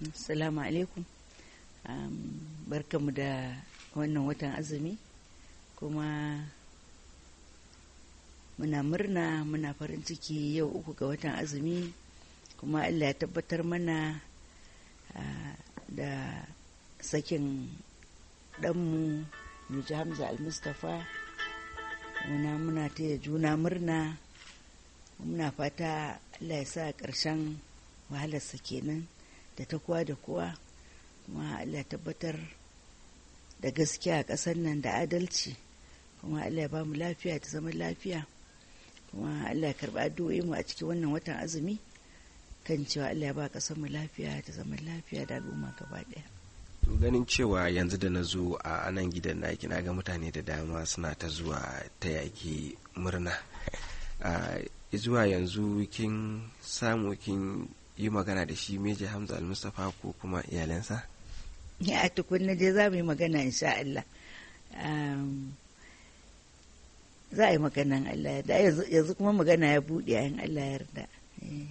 Assalamu alaikum. Um, Barkamu da wannan watan azumi kuma muna murna muna farin ciki yau uku ga watan azumi kuma Allah ya tabbatar mana da sakin ɗanmu ji Hamza Al-Mustapha muna muna taya juna murna muna fata Allah ya sa ƙarshen wahalarsa kenan. da ta kowa da kowa kuma Allah tabbatar da gaskiya a ƙasar nan da adalci kuma Allah ya ba lafiya ta zama lafiya kuma Allah ya karɓi addu'o'i mu a cikin wannan watan azumi kan cewa Allah ya ba ƙasar mu lafiya ta zama lafiya da al'umma gaba ɗaya. To ganin cewa yanzu da na zo a anan gidan na na ga mutane da dama suna ta zuwa ta yaƙi murna. a zuwa yanzu kin samu kin yi magana da shi meja hamza Mustapha ko kuma iyalansa ya tukunna je za mu yi magana insha Allah za a yi maganan Allah ya yanzu kuma magana ya buɗe yin Allah ya yarda eh.